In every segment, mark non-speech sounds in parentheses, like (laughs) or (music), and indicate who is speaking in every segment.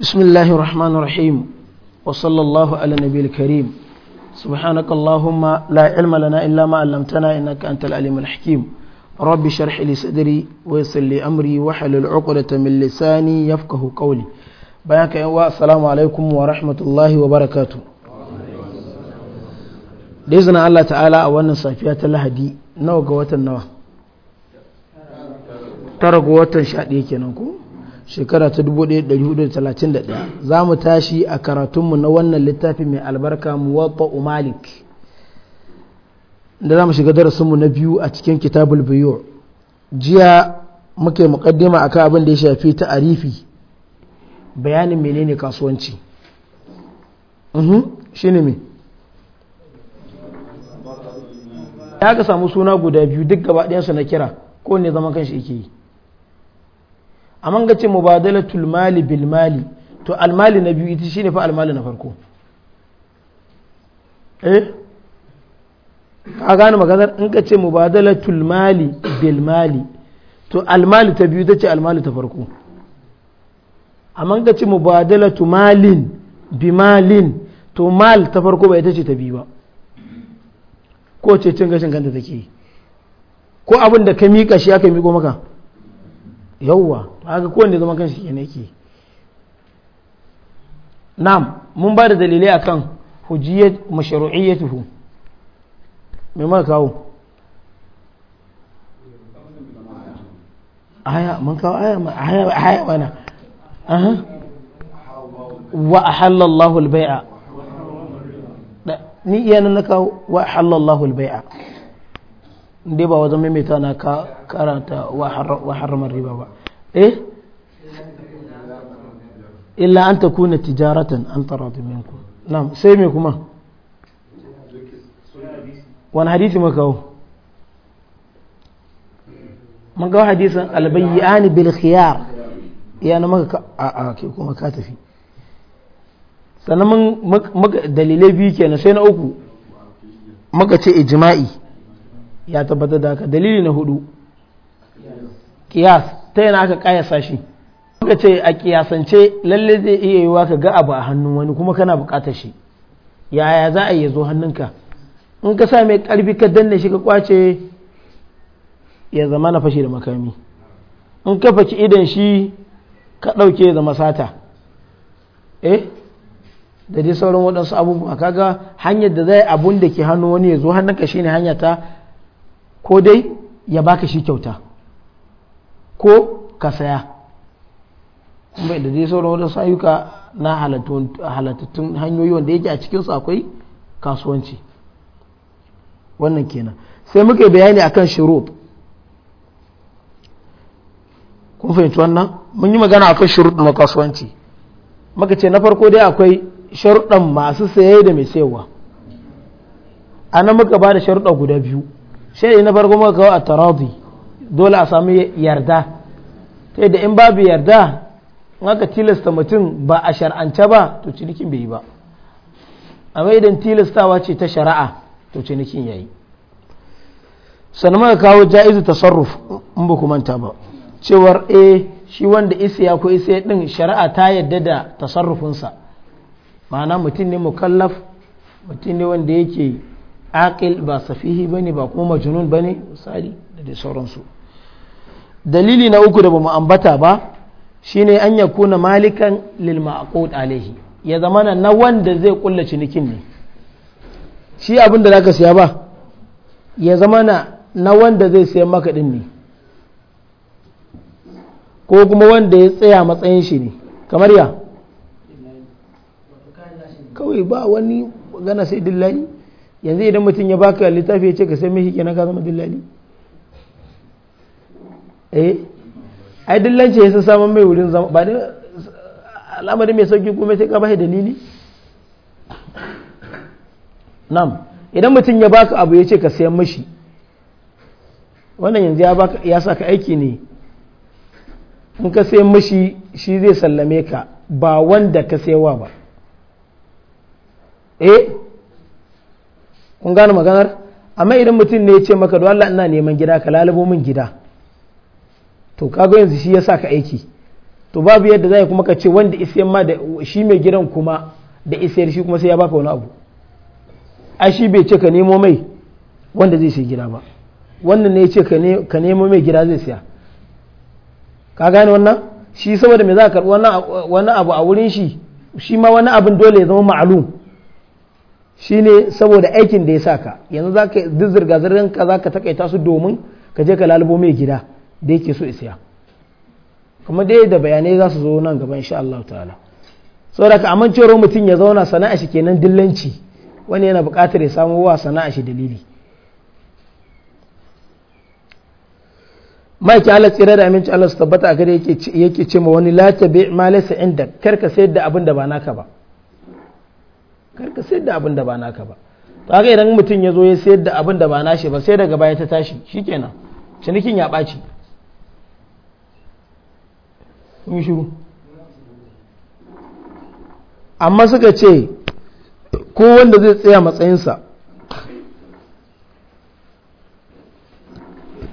Speaker 1: بسم الله الرحمن الرحيم وصلى الله على النبي الكريم سبحانك اللهم لا علم لنا إلا ما علمتنا إنك أنت العليم الحكيم رب شرح لي صدري ويسر لي أمري وحل العقدة من لساني يفقه قولي بياك السلام عليكم ورحمة الله وبركاته بإذن الله تعالى أولا صافية لهدي نوى قوة النوى ترى قوة شادية كنكم shekara ta 1431 za mu tashi a karatunmu na wannan littafi mai albarka muwatta malik da za mu shiga darasinmu na biyu a cikin kitabul biyu jiya muke mukaddima akan abin da ya shafi ta arifi bayanin menene kasuwanci mhm, shi ne ya ka samu suna guda biyu duk gaba ɗayansu na kira ko ne zaman kanshi yake yi amma ga ce mubadalatul mali bil mali to almali na biyu ita shine fa almali na farko eh ka gane maganar in ka ce mubadalatul mali bil mali to almali ta biyu ta ce almali ta farko amma ga ce mubadalatu malin bi malin to mal ta farko bai ta ce ta biyu ba ko ce cin gashin kanta take yi ko abin da ka miƙa shi aka miƙo maka yawwa haka kowanne zaman kanshi kenan yake na'am mun ba da dalilai akan hujjiyat mashru'iyyatuhu me ma kawo aya mun kawo aya aya aya wana aha wa ahalla Allahu al-bai'a ni iya nan na kawo wa ahalla Allahu al-bai'a dai ba wajen maimaita na ka karanta wa haramar riba ba eh illa an ta kuna tijaratan an taratu minku na'am sai me kuma wani hadisi makawo mun ga hadisin albayyani bil khiyar ya na maka a a ke kuma ka tafi sannan mun dalilai biyu kenan sai na uku muka ce ijma'i ya tabbatar da haka dalili na hudu kiyas ta yana aka kayasa shi ka ce a kiyasance lalle zai iya yiwa ka ga abu a hannun wani kuma kana bukatar shi yaya za a iya zo hannunka in ka sa mai karfi ka danna shi ka kwace ya zama na fashe da makami in ka faci idan shi ka ɗauke ya zama sata eh da dai sauran waɗansu abubuwa kaga hanyar da zai abun da ke hannu wani ya zo hannunka shine hanya ta ko dai ya baka shi kyauta ko ka saya kuma da dai sauran wadansu ayyuka na halattattun hanyoyi wanda yake a cikinsu akwai kasuwanci wannan kenan sai muka bayani akan shurut kun fahimci wannan mun yi magana akan shurut na kasuwanci muka ce na farko dai akwai sharuɗan masu saye da mai sayarwa a nan muka ba da sharuɗa guda biyu shari'i na farko muka kawo a taradi dole a sami yarda ta da in babu yarda in aka tilasta mutum ba a shar'ance ba to cinikin bai yi ba amma idan tilastawa ce ta shari'a to cinikin yi. sannan muka kawo ja'izu tasarruf in ba ku manta ba cewar eh shi wanda isa ko ya din shari'a ta yadda da tasarrufinsa ma'ana mutum ne mukallaf mutum ne wanda yake aqil ba safihi bane ba kuma majnun bane misali da dai sauransu dalili na uku da ba mu ambata ba shine an kuna malikan lil ma'qud alaihi ya zamana na wanda zai kulla cinikin ne shi abin da zaka siya ba ya zamana na wanda zai siya maka din ne ko kuma wanda ya tsaya matsayin shi ne kamar ya kawai ba wani magana sai dillahi yanzu idan mutum ya baka littafi ya ce ka sai mai na ka zama dillali eh ai dillanci ya samun mai wurin zama ba da al'amari mai sauki kuma sai ka bashi dalili nam idan mutum ya baka abu ya ce ka sayan mashi wannan yanzu ya baka ya saka aiki ne in ka sayan mashi shi zai sallame ka ba wanda ka sayawa ba eh kun gane maganar amma idan mutum ne ya ce maka don Allah ina neman gida ka lalabo min gida to kaga yanzu shi ya sa ka aiki to babu yadda zai kuma ka ce wanda isiyan ma da shi mai gidan kuma da isiyar shi kuma sai ya baka wani abu ai shi bai ce ka nemo mai wanda zai sai gida ba wannan ne ya ce ka nemo mai gida zai siya ka gane wannan shi saboda me za ka karɓi wani abu a wurin shi shi ma wani abin dole ya zama ma'alum Shi ne saboda aikin da ya sa ka yanzu za ka duk zirga-zirgar za ka takaita su domin ka je ka lalubo mai gida da yake so isiya kuma dai da bayanai za su zo nan gaba insha Allah ta'ala saboda ka amincewar mutum ya zauna sana'a shi kenan dillanci wani yana buƙatar ya samu wa sana'a shi dalili maki Allah tsira da aminci Allah su tabbata a gare yake ce ma wani la tabi ma laysa karka sayar da abin da ba naka ba kar ka sayar da abin da ba naka ba kaga idan mutum ya zo ya sayar da abin da ba nashi ba sai daga baya ta tashi shikenan cinikin ya ɓaci kun shiru amma suka ce ko wanda zai tsaya matsayinsa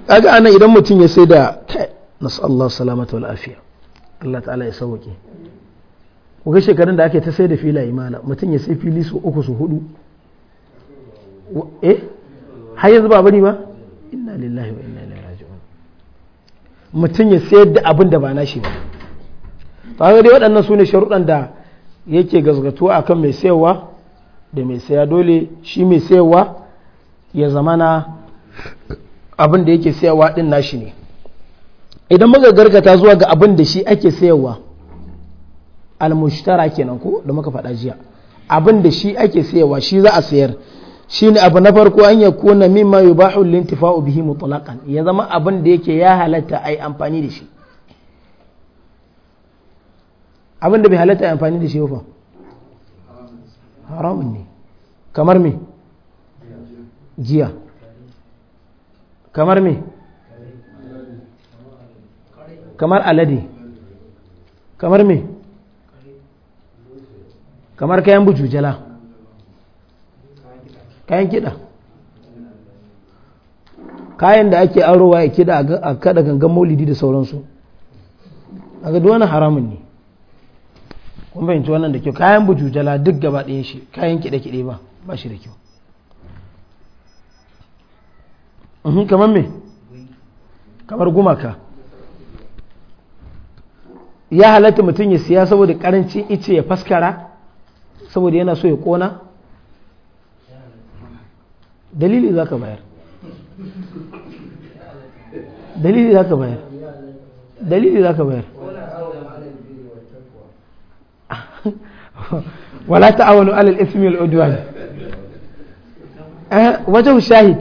Speaker 1: kaga ana idan mutum ya sai da kai nasu Allah salamata wal afiya Allah ta'ala ya sauke ku ga shekarun da ake ta sai da filaye mana mutum ya sai fili su uku su hudu eh har yanzu ba bari ba inna lillahi wa inna ilaihi raji'un mutum ya sai da abin da ba nashi ba ga dai waɗannan su ne sharuɗan da yake gazgatuwa akan mai sayarwa da mai saya dole shi mai sayarwa ya zamana abin da yake sayarwa din nashi ne idan muka gargata zuwa ga abin da shi ake sayarwa almushtara kenan ko da muka faɗa jiya abin da shi ake sayarwa shi za a sayar ne abu na farko an ya kuna mimma yubahu lintifa'u bihi mutlaqan ya zama abin da yake ya halatta ai amfani da shi abin da bai halatta amfani da shi ba haramun ne kamar me jiya kamar me kamar alade kamar me kamar kayan bujujala kayan kida kayan da ake arowa ya kida a kada gangan maulidi da sauransu a ga wani haramun ne kuma fahimci wannan da kyau kayan bujujala duk gaba ɗaya shi kayan kida kide ba ba shi da kyau mhm, kamar me kamar gumaka ya halatta mutum ya siya saboda karancin ice ya faskara saboda yana so ya kona dalili za ka bayar dalili za ka bayar dalili za ka bayar (laughs) wala ta'awanu alal ismi al udwan eh wajen shahid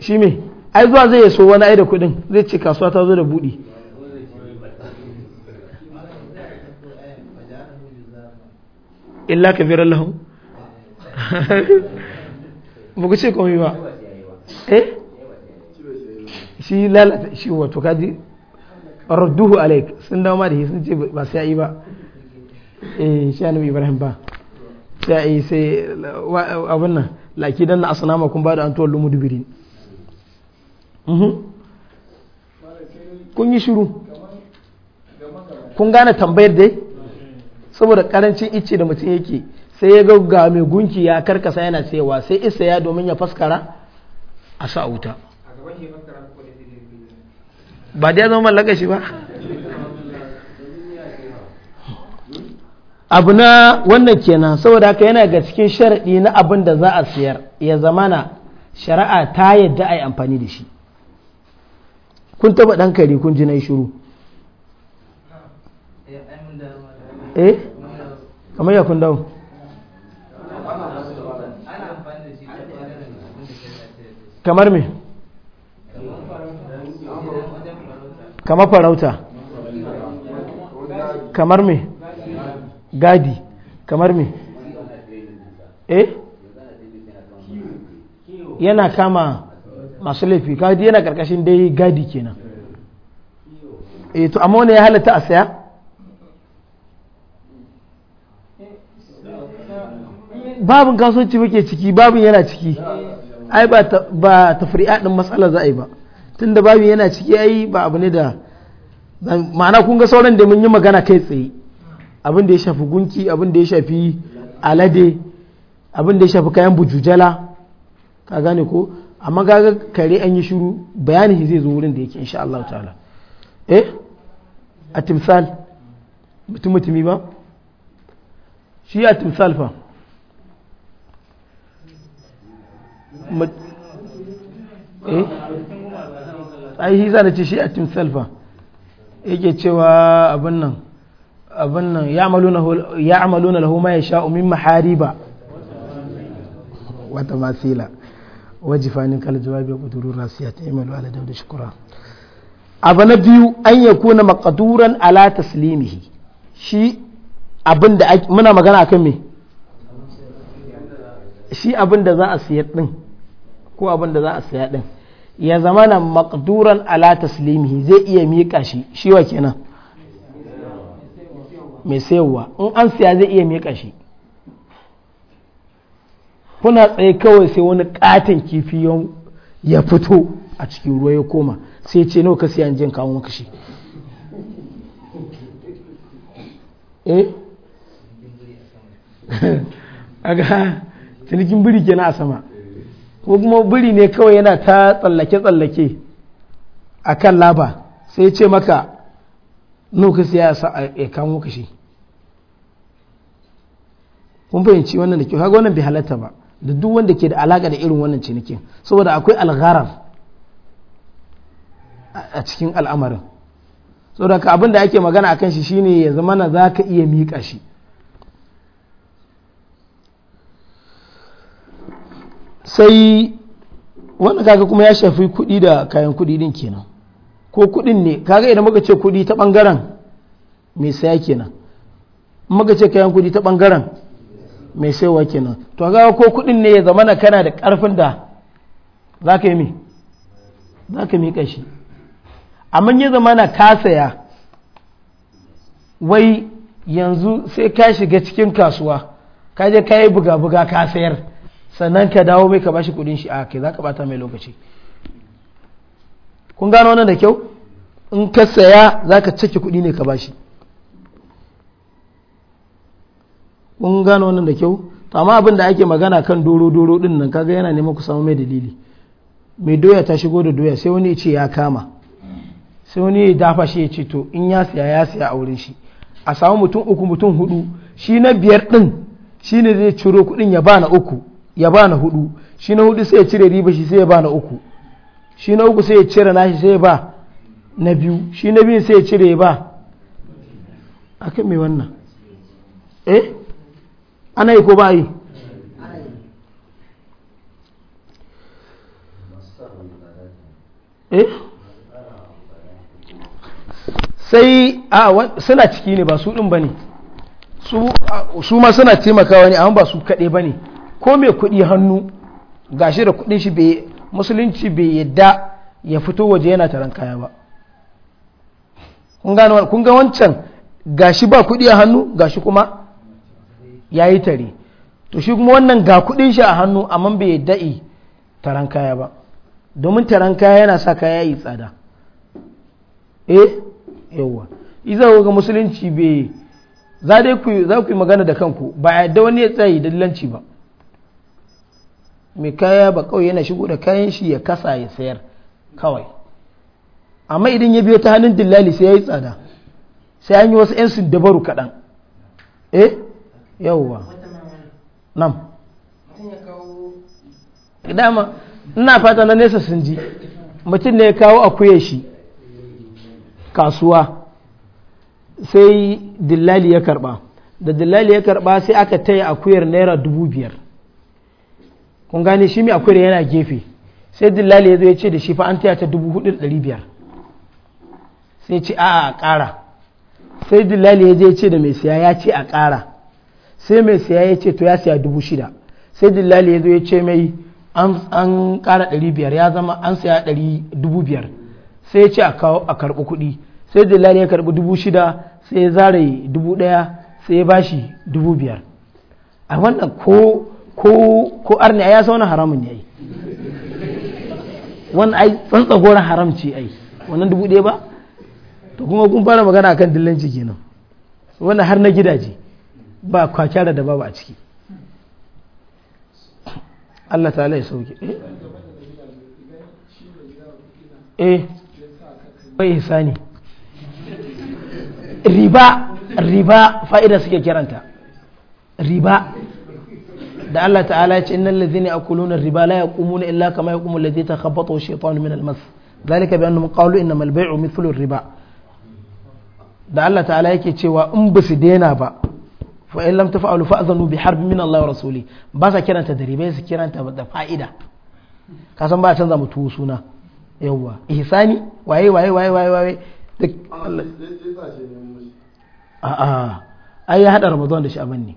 Speaker 1: shi me ai zuwa zai so wani ai da kudin zai ce kasuwa ta zo da budi illa kabiran lahum (laughs) ba ku ce yi ba eh shi lalata shi wato kaji rudduhu alaik sun dawo ma da shi sun ce ba sai yi ba eh shi annabi ibrahim ba sai yi sai abin nan laki dan na asnama kun ba da antu wallu mudbirin lumudubirin mhm. kun yi shiru kun gane tambayar dai saboda karancin icce da mutum yake sai ya ga ga mai gunki ya karkasa yana cewa, sai isa ya domin ya faskara a sa wuta ba da ya zama mallaka shi ba abu na wannan kenan saboda haka yana ga cikin sharaɗi na abin da za a siyar ya zamana shari'a ta yadda a yi amfani da shi kun taba ɗan kare kun ji na yi shuru eh kamar ya kun dawo kamar me kamar farauta kamar me gadi kamar me eh yana kama masu laifi gadi yana karkashin dai gadi kenan eh to amma wani ya halatta a saya babin kasuwanci muke ciki babin yana ciki ai ba tafri'a din matsala za a yi ba tunda babin yana ciki ai ba abu ne da ma'ana kun ga sauran da mun yi magana kai tsaye abin da ya shafi gunki abin da ya shafi alade abin da ya shafi kayan bujujala ka gane ko amma kaga kare an yi shiru bayani zai zo wurin da yake insha Allah ta'ala eh a timsal mutum mutumi ba shi a timsal fa eh ai hisa ce shi a salfa yake cewa abin nan abin nan ya amaluna lahu ma ya umin mahari ba wata masila wajifanin kala jawabi ya kuduru ya ta imalu ala da shukura abu na biyu an ya kuna makaduran ala taslimihi shi abin da muna magana akan me shi abin da za a siyar din ko abin da za a saya din ya zama na makduran ala taslimi zai iya miƙa shi shi wa kenan mai sayarwa in an saya zai iya miƙa shi kuna tsaye kawai sai wani katin kifi ya fito a cikin ruwa ya koma sai ce nawa ka siya jin kawo maka shi eh (laughs) aga cinikin biri kenan a sama ko kuma biri ne kawai yana ta tsallake-tsallake a kan laba sai ce maka nukas ya sa a kamo kashi kun fahimci wannan da kyau kaga wannan bai halatta ba da duk wanda ke da alaka da irin wannan cinikin saboda akwai algharar a cikin al'amarin saboda ka abin da ake magana a kan shi shine ya mana za ka iya miƙa shi sai wanda kaga kuma ya shafi kuɗi da kayan kuɗi din kenan ko kuɗin ne kaga idan muka ce kuɗi ta ɓangaren mai saya kenan muka ce kayan kuɗi ta ɓangaren mai saiwa kenan to kaga ko kuɗin ne ya zama na kana da ƙarfin da za ka yi mi za ka miƙa shi amma ya zama na ka saya wai yanzu sai ka shiga cikin kasuwa ka je ka yi buga-buga ka sayar sannan ka dawo mai ka bashi kudin shi a kai za ka bata mai lokaci kun gano wannan da kyau in ka saya za ka cike kudi ne ka bashi kun gano wannan da kyau to amma abin da ake magana kan doro doro din nan kaga yana neman ku samu mai dalili mai doya ta shigo da doya sai wani ya ce ya kama sai wani ya dafa shi ya ce to in ya siya ya siya a wurin shi a samu mutum uku mutum hudu shi na biyar din shi ne zai ciro kudin ya ba na uku ya ba na hudu shi na hudu sai ya cire riba shi sai ya ba na uku shi na uku sai ya cire nashi sai ya ba na biyu shi na biyu sai ya cire ya ba a kan mai wannan eh ana yi ko ba yi eh sai a suna ciki ne ba su din ba ne su ma suna taimakawa ne amma ba su kaɗai ba ne ko mai kuɗi hannu gashi da kuɗin shi bai musulunci bai yadda ya fito waje yana taron kaya ba kun ga wancan gashi ba kuɗi a hannu gashi kuma ya yi tare to shi kuma wannan ga kuɗin shi a hannu amma bai yadda yi taron kaya ba domin taron kaya yana sa kaya yi tsada eh yawwa iza ga musulunci bai za ku yi magana da kanku ba a yadda wani ya tsaye dalilanci ba mai kaya ba kawai yana shigo da kayan shi ya kasa ya sayar kawai amma idan ya biyo ta hannun dillali sai ya yi tsada sai an yi wasu 'yan sun dabaru kaɗan eh yawwa nan dama ina fata na nesa sun ji mutum ne ya kawo akuya shi kasuwa sai dillali ya karba da dillali ya karba sai aka taya akuyar naira dubu biyar kun gane shi mai akwai da yana gefe sai dillali ya zo ya ce da shi fa an taya ta dubu hudu da ɗari biyar sai ce a a ƙara sai dillali ya je ya ce da mai siya ya ce a ƙara sai mai siya ya ce to ya siya dubu shida sai dillali ya zo ya ce mai an ƙara ɗari biyar ya zama an siya ɗari dubu biyar sai ya ce a karɓi kuɗi sai dillali ya karɓi dubu shida sai ya zare dubu ɗaya sai ya bashi dubu biyar a wannan ko ko arni a ya sauna haramun ne ai wani ai tsantsagoran haram ce ai wannan dubu ɗaya ba to kuma kun fara magana akan dillanci kenan wani har na gidaje ba kwakyara da babu a ciki Allah ta ya sauke eh bai eh. ihsani riba riba fa'ida suke kiranta riba da Allah ta'ala ya ce innal ladhina yakuluna riba la yaqumuna illa kama yaqumu alladhi takhabbathu shaytanu min al-mas dhalika bi annahum qalu innamal bay'u mithlu riba da Allah ta'ala yake cewa in ba su daina ba fa in lam tafa'alu fa'zanu bi harbin min Allah wa rasuli ba sa kiranta da riba su kiranta da fa'ida ka san ba a canza mutu suna yawwa ihsani waye waye waye waye waye duk a'a ai ya hada ramadan da shi ne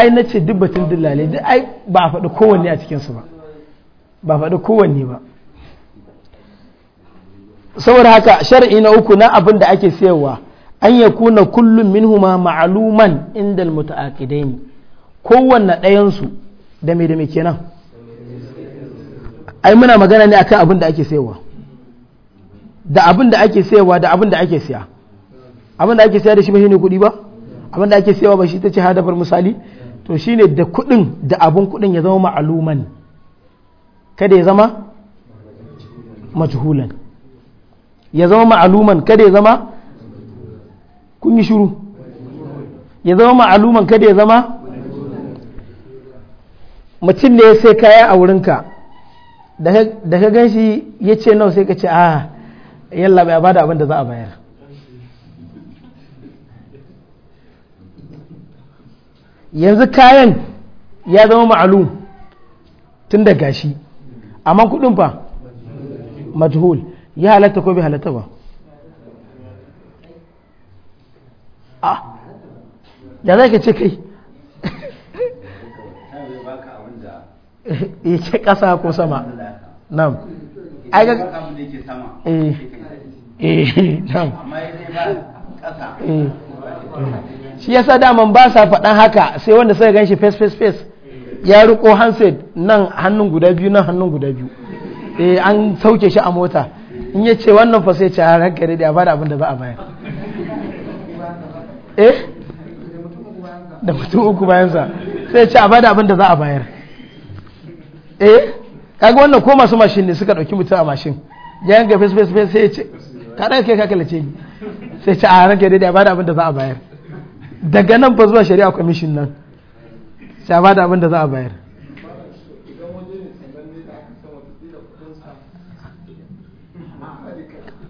Speaker 1: ai na ce duk batun dillale duk ai ba a faɗi kowanne a cikinsu ba ba faɗi kowanne ba saboda haka shar'i na uku na abin da ake sayarwa an ya kuna kullum minhuma ma'aluman inda ne kowanne ɗayansu da me da me kenan ai muna magana ne akan abin da ake sayarwa da abin da ake sayarwa da abin da ake siya abin da ake siya da shi ba shine kuɗi ba abin da ake sayarwa ba shi ta ce hadafar misali to ne da kudin da abun kudin ya zama ma'aluman kada ya zama majhulan ya zama ma'aluman kada ya zama kun yi shiru ya zama ma'aluman kada ya zama mutum ne sai kaya a wurinka da ka gan shi ya ce nau sai ka ce a ah, yalla bai bada abin da za a bayar yanzu kayan ya zama ma'alu tun da gashi amma kudin fa majhul ya halatta ko bai halatta ba ah ya za ka ce kai (laughs) ya ce kasa ko sama nam eh eh (laughs) nam amma ba kasa eh. shi yasa daman ba sa faɗan haka sai wanda suka shi face face face ya riko handset nan hannun guda biyu nan hannun guda biyu eh an sauke shi a mota in ya ce wannan fa sai ce ah, a ranka da ya bada abin da za a bayar eh da mutum uku bayan sa sai ce a bada abin da za a bayar eh kaga wannan ko masu mashin ne suka dauki mutum a mashin ya yanka face face face sai ya ce ka ranka kai ka kalace ni sai ce ah, a ranka da ya bada abin da za a bayar daga nan fa zuwa shari'a kwamishin nan sai ba da abin da za a bayar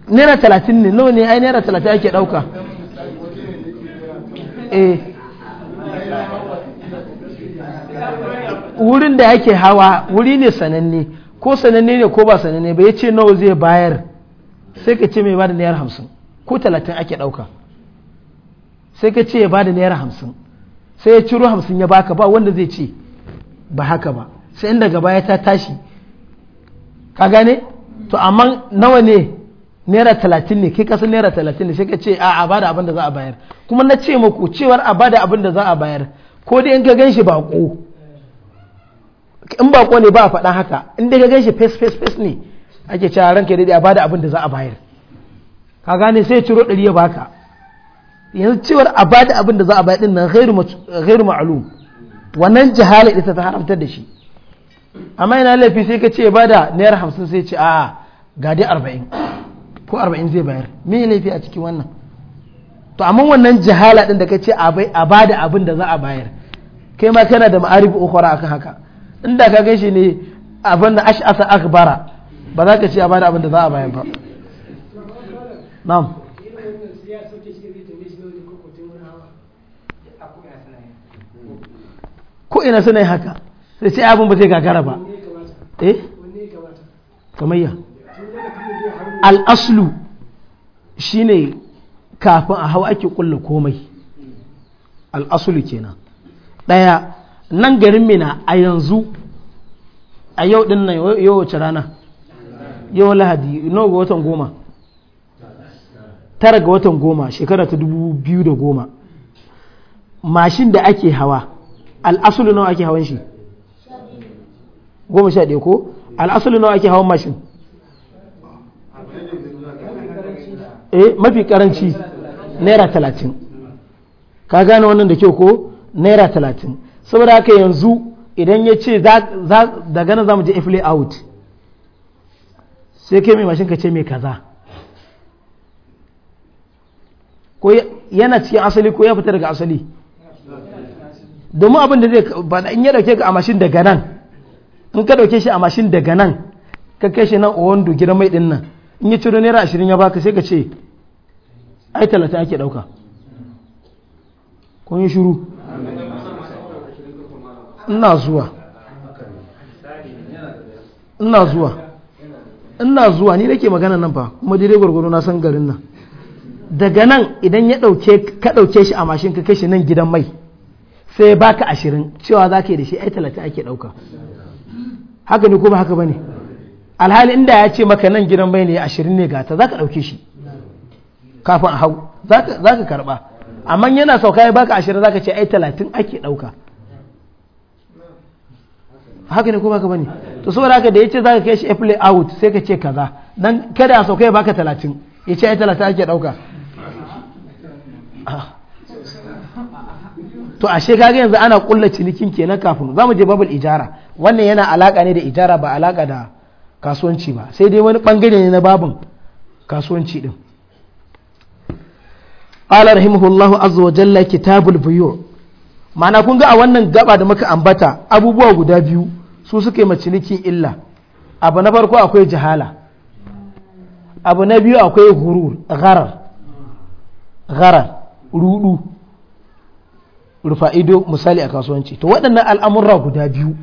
Speaker 1: naira talatin ne nawa ne ai naira talatin ake ɗauka eh wurin da yake hawa wuri ne sananne ko sananne ne ko ba sananne ba ya ce nawa zai bayar sai ka ce mai ba da naira hamsin ko talatin ake ɗauka sai ka ce ya bada naira hamsin sai ya ciro hamsin ya baka ba wanda zai ce ba haka ba sai inda gaba ya ta tashi ka gane to amma nawa ne naira talatin ne kai kasa naira talatin ne sai ka ce a bada abin da za a bayar kuma na ce muku cewar a bada abin da za a bayar ko dai in ka gan shi bako in bako ne ba a faɗa haka in dai ka gan shi face face face ne ake cewa ranka daidai a bada abin da za a bayar ka gane sai ciro ɗari ya baka yanzu cewar a bada abin da za a bayar din nan ghairu ma'lum wannan jahala ita ta haramtar da shi amma yana laifi sai ka ce bada naira hamsin sai ce a ga dai arba'in ko arba'in zai bayar me laifi a cikin wannan to amma wannan jahala din da ka ce a bada abin da za a bayar kai ma kana da ma'arifi a akan haka inda ka gaishe ne abin da ash'asa akbara ba za ka ce a bada abin da za a bayar ba na'am ko ina suna haka sai sai abin ba zai gagara ba eh kamayya al'aslu shine kafin a hau ake kulla komai al'aslu kenan ɗaya nan garin mina a yanzu a yau din nan yau wace rana yau lahadi nawa ga watan goma tara ga watan goma shekara ta dubu biyu da goma mashin da ake hawa al'asulu nawa ake hawan shi goma sha ɗaya ko al'asulu nawa ake hawan mashin eh mafi karanci naira talatin ka gane wannan da kyau ko naira talatin saboda haka yanzu idan ya ce da gana za mu je ifle out sai ke mai mashin ka ce mai kaza ko yana cikin asali ko ya fita daga asali domin abin da zai ba in ya dauke ka a mashin daga nan in ka dauke shi a mashin daga nan ka kai shi nan a wando gidan mai din nan in ya ciro naira ashirin ya baka sai ka ce ai talata ake dauka kun yi shuru ina zuwa ina zuwa ina zuwa ni nake magana nan fa kuma dai gwargwado na san garin nan daga nan idan ya dauke ka dauke shi a mashin ka kai shi nan gidan mai sai ya baka ashirin cewa za ka yi da shi ai talatin ake ɗauka haka ne kuma haka ba ne alhali inda ya ce maka nan gidan bai ne ashirin ne gata za ka ɗauke shi kafin a hau za ka karɓa amma yana sauka ya baka ashirin za ka ce ai talatin ake ɗauka haka ne kuma haka bane to saboda haka da yace za ka kai shi a play out sai ka ce kaza dan kada a sauka ya baka talatin ya ce ai talatin ake ɗauka ah. to ashe kaga yanzu ana kulla cinikin kenan kafin za mu je babul ijara wannan yana alaka ne da ijara ba alaka da kasuwanci ba sai dai wani bangare ne na babin kasuwanci din qala rahimahullahu azza wa jalla kitabul buyu ma'ana kun ga a wannan gaba da muka ambata abubuwa guda biyu su suke ma cinikin illa abu na farko akwai jahala abu na biyu akwai gurur gharar gharar rudu rufa ido misali a kasuwanci to waɗannan al'amurra guda biyu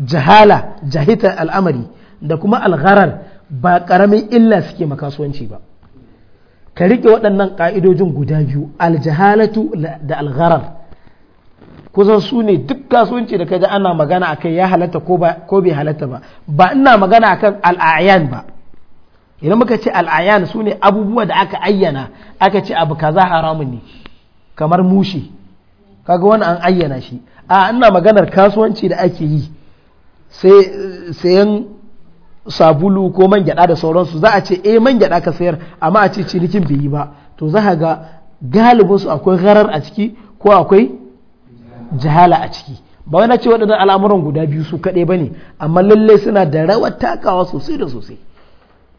Speaker 1: jahala jahita al'amari da kuma algharar ba ƙaramin illa suke ma kasuwanci ba ka riƙe waɗannan ƙa'idojin guda biyu aljahalatu da algharar kusan su ne duk kasuwanci da ka ji ana magana akan ya halatta ko bai halatta ba ba ina magana akan al'ayan ba idan muka ce al'ayan su ne abubuwa da aka ayyana aka ce abu kaza haramun ne kamar mushi kaga wani an ayyana shi a ina maganar kasuwanci da ake yi sai sayan sabulu ko man gyada da sauransu za a ce eh man gyada ka sayar amma a ce cinikin bai yi ba to za ka ga galibin su akwai gharar a ciki ko akwai jahala a ciki ba wani ce waɗannan al'amuran guda biyu su kaɗai ba ne amma lallai suna da rawar takawa sosai da sosai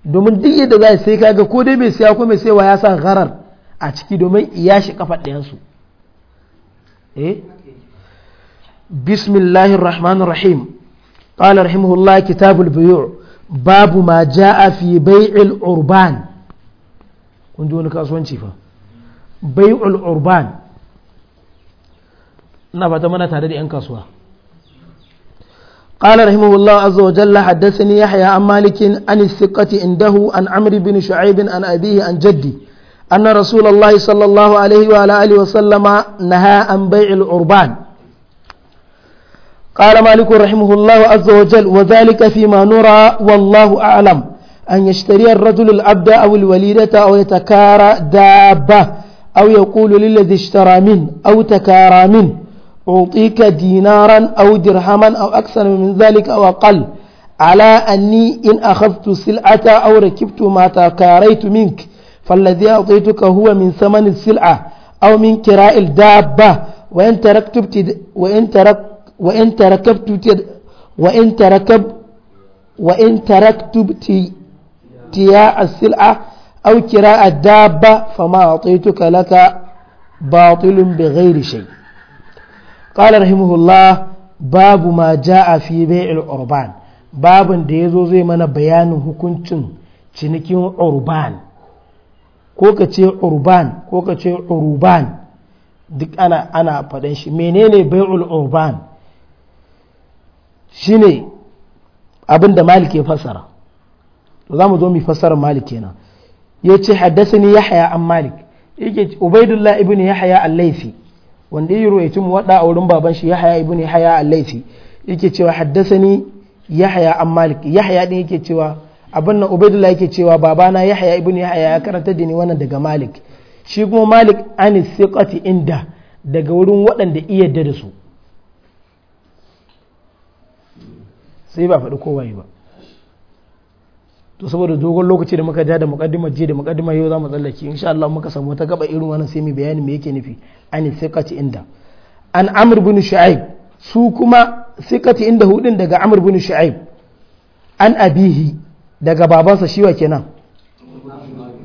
Speaker 1: domin duk yadda za a sai ga, ko dai mai siya ko mai sayawa ya sa gharar a ciki domin iya shi kafa ɗayansu إيه؟ بسم الله الرحمن الرحيم قال رحمه الله كتاب البيوع باب ما جاء في بيع العربان كنت هناك wani شفا بيع العربان urban na fata أنك tare قال رحمه الله عز وجل حدثني يحيى عن مالك عن الثقة عنده عن عمرو بن شعيب عن أبيه عن جدي أن رسول الله صلى الله عليه وعلى آله وسلم نهى عن بيع العربان قال مالك رحمه الله عز وجل وذلك فيما نرى والله أعلم أن يشتري الرجل العبد أو الوليدة أو يتكارى دابة أو يقول للذي اشترى منه أو تكارى منه أعطيك دينارا أو درهما أو أكثر من ذلك أو أقل على أني إن أخذت سلعة أو ركبت ما تكاريت منك فالذي أعطيتك هو من ثمن السلعة أو من كراء الدابة وإن تركت ابتد... وإن ترك وإن تركبت ابتد... وإن تركب وإن تركت ابتياء السلعة أو كراء الدابة فما أعطيتك لك باطل بغير شيء قال رحمه الله باب ما جاء في بيع العربان باب da ya zo zai mana bayanin hukuncin cinikin urban ko ka ce urban ko ka ce urban duk ana ana faɗin shi menene bai'ul urban shine abin da malik ya fassara to za mu zo mu fassara malik kenan ya ce haddasani haya an malik yake ubaidullah ibn yahya al-laifi wanda yi ruwaito mu wada a wurin baban shi ya yahya ibn ya al-laifi yake cewa haddasani haya an malik ya yahya din yake cewa abin nan ubaidullah yake cewa babana yahya ibn yahya ya karanta dini wannan daga malik shi kuma malik an siqati inda daga wurin waɗanda iya da su sai ba faɗi kowa ba to saboda dogon lokaci da muka ja da mukaddimar ji da mukaddimar yau za mu tsallake insha Allah muka samu ta gaba irin wannan sai mu bayani me yake nufi an siqati inda an amr bin shu'aib su kuma siqati inda hudin daga amr bin shu'aib an abihi daga babansa shi wa kenan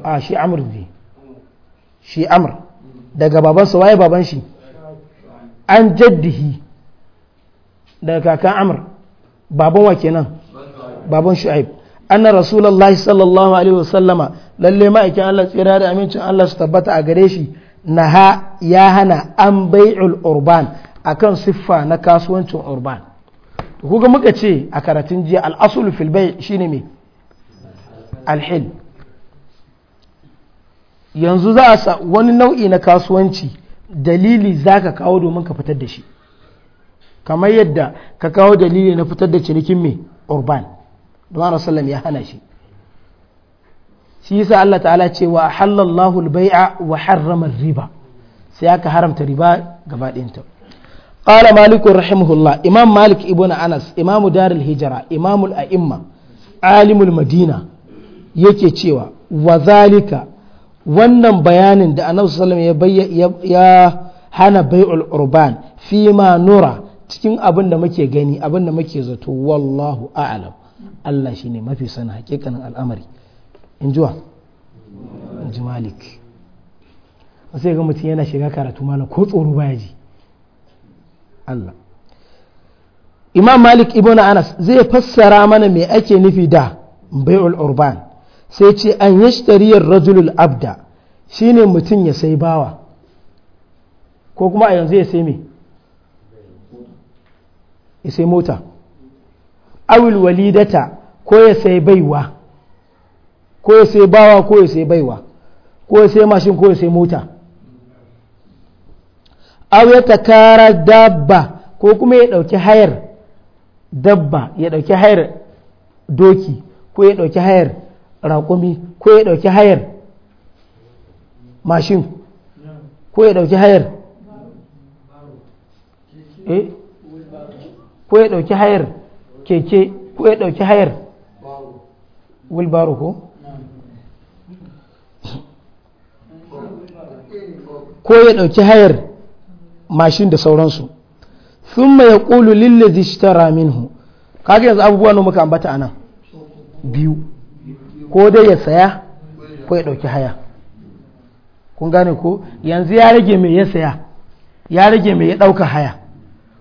Speaker 1: a shi amur ne shi amur daga babansa waye baban shi an jaddihi daga kakan amur baban wa kenan baban shu'aib anna rasulullahi sallallahu alaihi wasallama lalle ma'aikin Allah tsira da amincin Allah su tabbata a gare shi naha ya hana an bai'ul urban akan siffa na kasuwancin urban kuga muka ce a karatun jiya al'asul fil bai shine me alhil yanzu za a sa wani nau'i na kasuwanci dalili za ka kawo domin ka fitar da shi kamar yadda ka kawo dalili na fitar da cinikin mai urban don sallam ya hana shi shi yasa Allah ta'ala ce wa halallahu al-bai'a wa harrama riba sai aka haramta riba gaba ɗinta qala malik rahimahullah imam malik ibn anas imamu darul hijra imamul a'imma alimul madina yake cewa wa zalika wannan bayanin da annabi sallallahu ya hana bai'ul urban fi ma nura cikin abin da muke gani abin da muke zato wallahu a'lam Allah shine mafi sana hakikanin al'amari in jiwa in ji malik wasu ga mutum yana shiga karatu mana ko tsoro baya ji Allah imam malik ibn anas zai fassara mana me ake nufi da bai'ul urban sai ce an yi yashtariyar rajulul abda shi ne mutum ya sai bawa ko kuma a yanzu ya sai me ya sai mota awil walidata ko ya sai baiwa ko ya sai bawa ko ya sai baiwa ko ya sai mashin ko ya sai mota aw ya takara dabba ko kuma ya dauki hayar dabba ya dauki hayar doki ko ya dauki hayar Rakumi ko ya ɗauki hayar mashin ko ya ɗauki hayar eh ko ya ɗauki hayar keke ko ya ɗauki hayar wilbaro ko ko ya ɗauki hayar mashin da sauransu sun mai ya ƙulu lillazi shi ta raminu kaga yanzu abubuwa ne muka ambata a nan biyu ko dai ya saya ko ya ɗauki haya kun gane ko yanzu ya rage mai ya saya ya rage mai ya ɗauka haya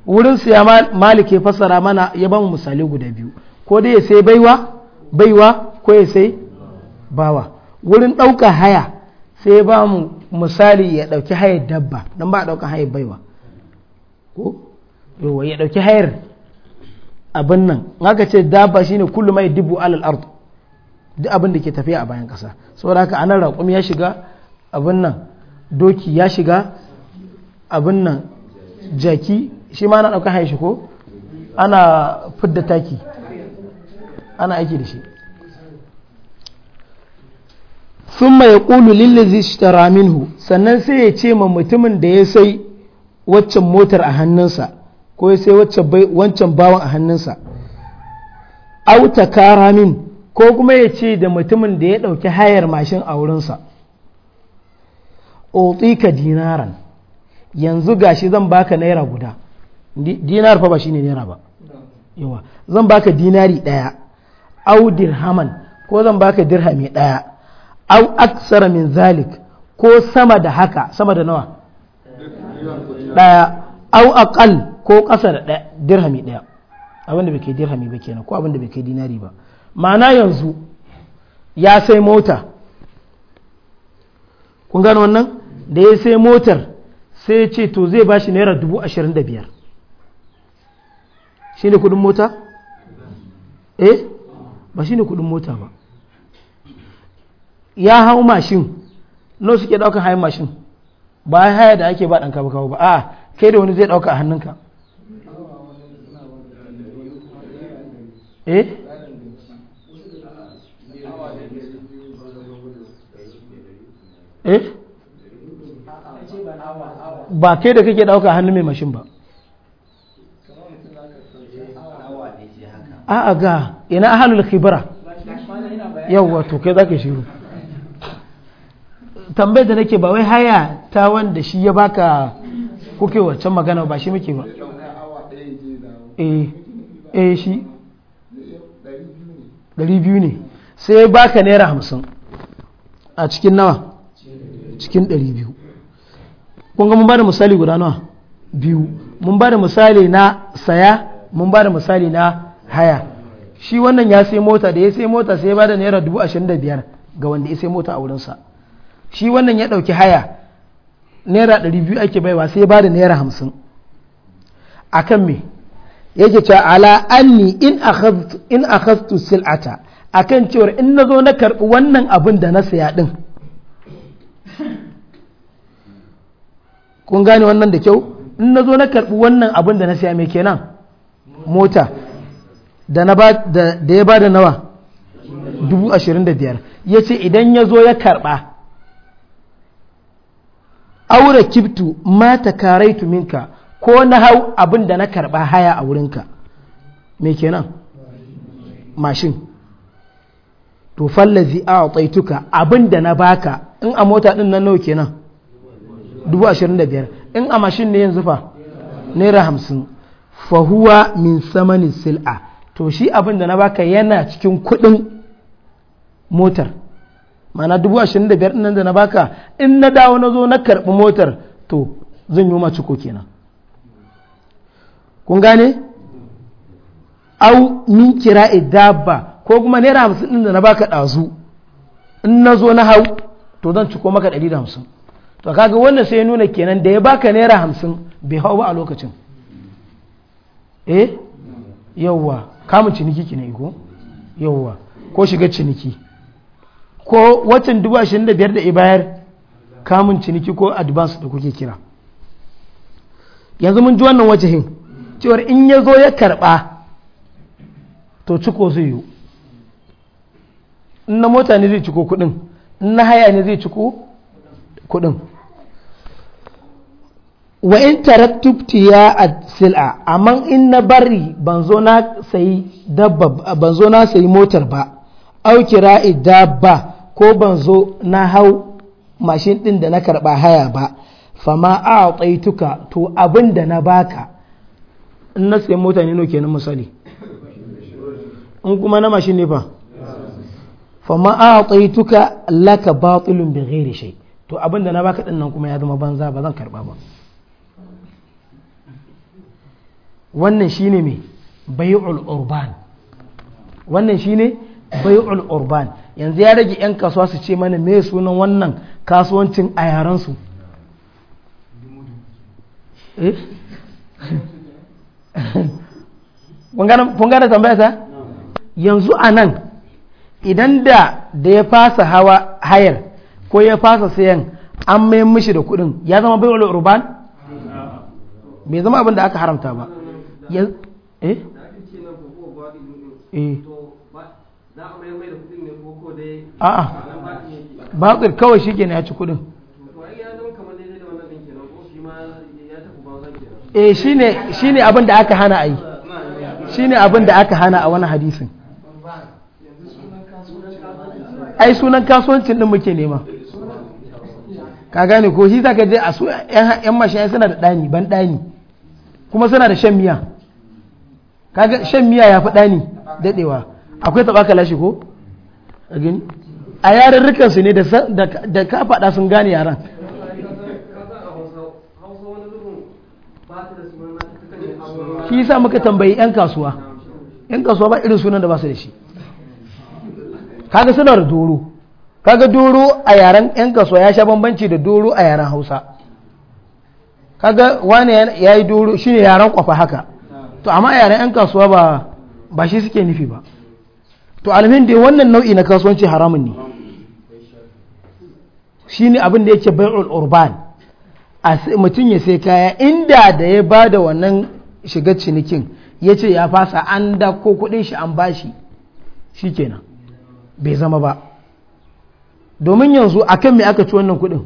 Speaker 1: wurin siya malik ya fassara mana ya ba mu misali guda biyu ko dai ya sai baiwa baiwa ko ya sai bawa wurin ɗauka haya sai ya ba mu misali ya ɗauki hayar dabba don ba a ɗauka hayar baiwa ko yawa ya ɗauki hayar abin nan aka ce dabba shine kullum mai dubu alal ardu duk abin da ke tafiya a bayan ƙasa saboda haka anan raƙum ya shiga abin nan doki ya shiga abin nan jaki shi ma ana ɗauka haishi ko ana fidda taki ana aiki da shi sun mai ƙulu lillazi tara minhu sannan sai ya ce ma mutumin da ya sai waccan motar a hannunsa ko ya sai waccan bawan a hannunsa auta kara min ko kuma ya ce da mutumin da ya ɗauki hayar mashin a wurinsa ka dinaran yanzu gashi zan baka naira guda dinar fa ba shi ne naira ba yawa zan baka dinari ɗaya au dirhaman ko zan baka dirhami ɗaya au aksara min zalik ko sama da haka sama da nawa ɗaya au aqal ko ƙasa da dirhami ɗaya abinda bai kai dirhami ba kenan ko abinda bai kai dinari ba ma'ana yanzu ya sai mota kun gano wannan da ya sai motar sai ce to zai ba shi naira dubu ashirin da biyar shi ne kudin mota? eh ba shi ne kudin mota ba ya hau mashin no suke daukan hayan mashin ba ya haya da ake ba ɗan ba kawo ba a kai da wani zai dauka a hannunka eh eh ba kai da kake dauka hannu mai mashin ba a'a ga ina ahalul khibra yawwa to kai zaka shiru tambayar da nake ba wai haya ta wanda shi ya baka kuke wancan magana ba shi muke ba eh eh shi biyu ne sai ya baka naira hamsin a cikin nawa cikin 200 kunga mun ba da misali guda nawa biyu mun ba da misali na saya mun ba da misali na haya shi wannan ya sai mota da ya sai mota sai ya ba da naira 25,000 ga wanda ya sai mota a wurinsa shi wannan ya ɗauki haya naira 200 ake baiwa sai ya ba da naira 50 a kan me yake ce ala anni in akhadtu sil'ata akan cewar in nazo na karɓi wannan abin da na saya din kun gane wannan da kyau in na zo na karɓi wannan abin da na siya mai kenan mota da ya ba da nawa 25,000 ya ce idan ya zo ya karɓa aure kiftu mata karaitu minka ko na hau abin da na karɓa haya a wurinka mai kenan mashin to fallazi a abin da na baka in a mota din nan nawa kenan dubu ashirin da biyar in a mashin ne yanzu fa naira hamsin fahuwa min samanin sil'a to shi abin da na baka yana cikin kuɗin motar mana dubu ashirin da biyar nan da na baka in na dawo na zo na karɓi motar to zan yi mace ko kenan kun gane au min kira idabba. ko kuma naira hamsin din da na baka ɗazu in na zo na hau to zan ciko maka ɗari da hamsin to kaga wannan sai ya nuna kenan da ya baka naira hamsin bai hau ba a lokacin eh yawwa kamun ciniki ki na iko yawwa ko shiga ciniki ko watan dubu ashirin da biyar da ya bayar kamun ciniki ko advance da kuke kira yanzu mun ji wannan wajahin cewar in ya zo ya karba to ciko zai yi in na mota ne zai ciko kudin in na haya ne zai ciko kudin wa in taraktubti ya sil'a amma in na bari ban zo na sayi motar ba au kira'i ba ko ban zo na hau mashin din da na karba haya ba fama a tsaituka to abin da na baka in na sayi mota ne kenan misali in kuma na mashin ne fa fama a tsaituka laka batulun bi ghairi shai to abin da na baka din nan kuma ya zama banza ba zan karba ba wannan shine mai bai'ul urban wannan shine bai'ul urban yanzu ya rage 'yan kasuwa su ce mana me sunan wannan kasuwancin a yaransu eh? (laughs) kun gane tambaya ta yanzu a nan idan da da ya fasa hawa hayar ko ya fasa sayan an mayan mishi da kudin ya zama bai'ul urban bai zama abin da aka haramta ba ya eh? eh a'a batir kawai shi kenan ya ci kudin e eh, shine shine abin da aka hana a ai shine abin da aka hana a wani hadisin ai sunan kasuwancin din muke nema ka gane ko shi za ka je a su yan mashin suna da ɗani ban ɗani kuma suna da shan miya kaga shan miya ya faɗa ni daɗewa akwai taɓa ka lashe ko a gani a su ne da ka faɗa sun gane yaran shi yasa muka tambayi 'yan kasuwa 'yan kasuwa ba irin sunan da ba su da shi kaga suna da doro kaga doro a yaren 'yan kasuwa ya sha bambanci da doro a yaren hausa kaga wani ya yi doro shi ne yaren kwafa haka to amma yaren 'yan kasuwa ba ba shi suke nufi ba to almin dai wannan nau'i na kasuwanci haramun ne shi ne abin da yake bayan urban mutum ya sai kaya inda da ya ba da wannan shiga cinikin ya ce ya fasa an da ko kudin shi an bashi shi kenan bai zama ba domin yanzu a kan me aka ci wannan kudin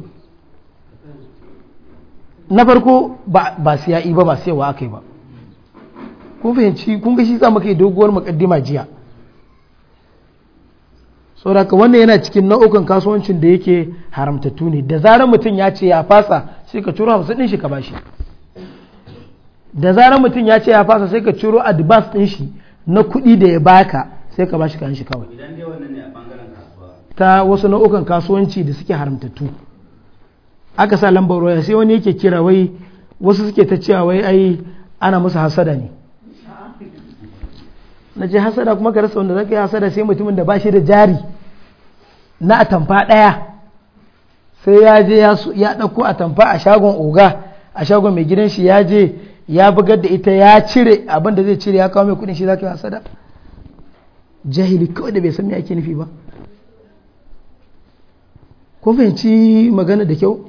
Speaker 1: na farko ba siya ba ba siyawa aka yi ba kun fahimci kun ga shi za mu kai doguwar mukaddima jiya saboda wannan yana cikin nau'ukan kasuwancin da yake haramtattu ne da zarar mutum ya ce ya fasa sai ka ciro hamsin din shi ka bashi da zarar mutum ya ce ya fasa sai ka ciro advance din shi na kuɗi da ya baka sai ka bashi ka shi kawai ta wasu nau'ukan kasuwanci da suke haramtattu aka sa lambar waya sai wani yake kira wai wasu suke ta cewa wai ai ana musu hasada ne na je hasada kuma ka rasa wanda zaka yi hasada sai mutumin da ba shi da jari na atamfa ɗaya sai ya je ya ɗauko atamfa a shagon oga a shagon mai gidan shi ya je ya bugar da ita ya cire abin da zai cire ya kawo mai kudin shi zaka yi hasada jahili kawai da bai san me ake nufi ba ko fahimci magana da kyau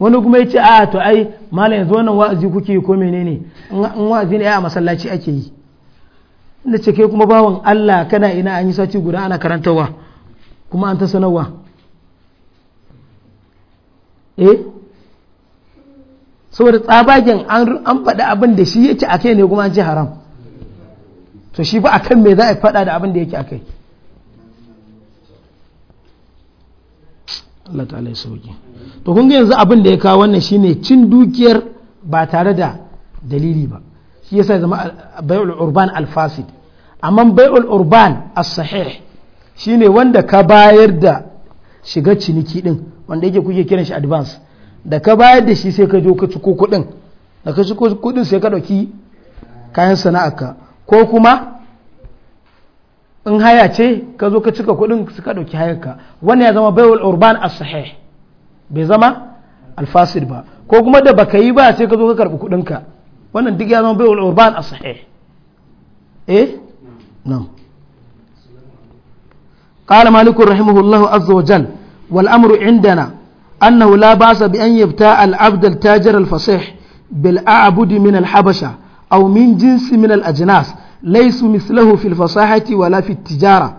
Speaker 1: wani kuma ya ce a to ai malam yanzu wannan wa'azi kuke ko menene in wa'azi ne a masallaci ake yi na ce kuma bawan Allah kana ina an yi sati guda ana karantarwa kuma an ta sanarwa eh saboda tsabagen an faɗi abin da shi yake a kai ne kuma an ce haram to shi ba a kan me za a faɗa da abin da yake a kai Allah ta ya sauki to kun ga yanzu abin da ya kawo wannan shine cin dukiyar ba tare da dalili ba shi yasa zama bai'ul urban alfasid amma bai'ul urban as-sahih shine wanda ka bayar da shiga ciniki din wanda yake kuke kiran shi advance da ka bayar da shi sai ka je ka ciko kuɗin da ka ciko kuɗin sai ka ɗauki kayan sana'arka ko kuma in haya ce ka zo ka cika kuɗin su ka ɗauki hayarka wannan ya zama bai'ul urban as-sahih bai zama al-fasid ba ko kuma da baka yi ba sai ka zo ka karbi kudin ka وانا duk ya zama bai'ul urban a نعم قال مالك رحمه الله عز وجل والأمر عندنا أنه لا بأس بأن يبتاع العبد التاجر الفصيح بالأعبد من الحبشة أو من جنس من الأجناس ليس مثله في الفصاحة ولا في التجارة